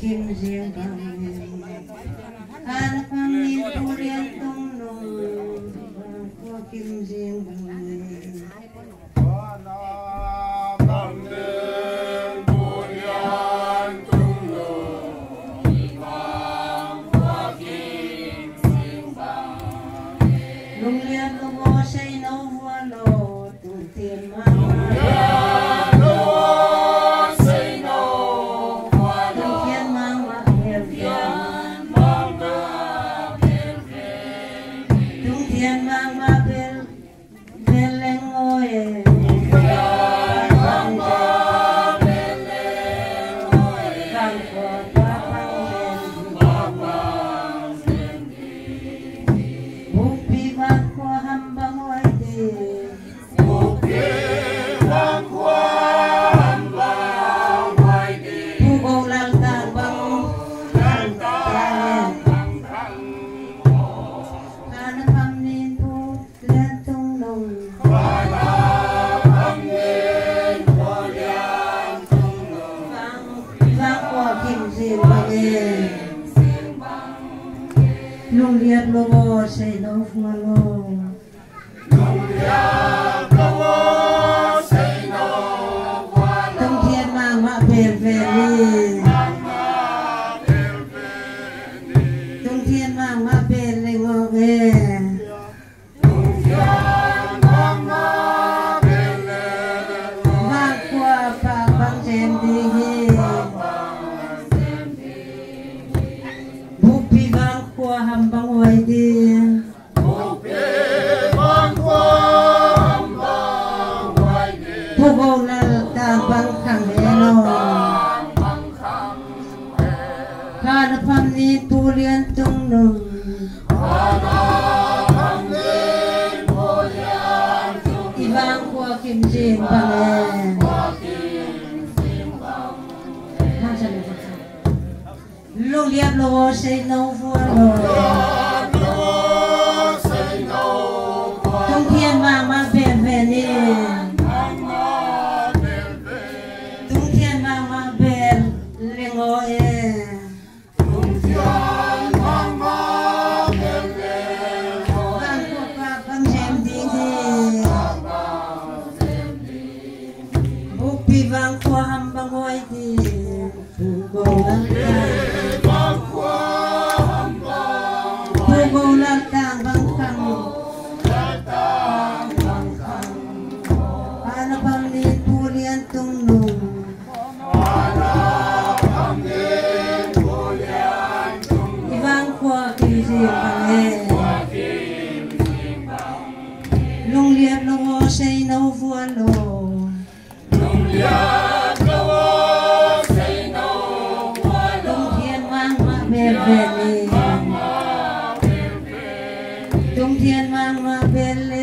kim riêng bằng an quan ni tu riêng tung nô qua kim riêng bằng Nung lian lumo say Juliet Lobo say no fumalo. Juliet Lobo say no fumalo. Tông thiên mang ma về về đi. Tông thiên mang ma về lên ngô về. Hãy subscribe cho kênh Ghiền Mì Gõ Để không bỏ lỡ những vi pu liên tung nùng Ivang qua kim jin bằng e Lo liam lo se no vua lo koło szejną voilą. mama mama belle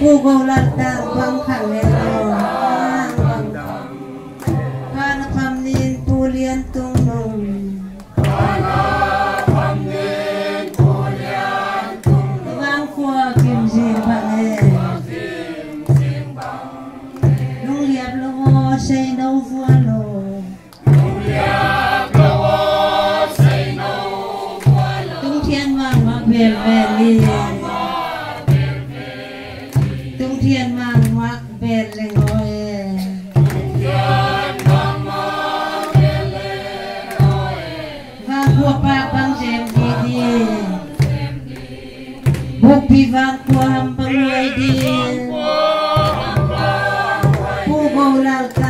vô vô lan ta quang khẳng nè Phan kham niên tu liên tung Vang khoa kim dì bạn nè Lúc liệp lúc ho vua nổ Tung thiên vàng vàng biển về kuapa bang jemdi Bukti bang kuam penguai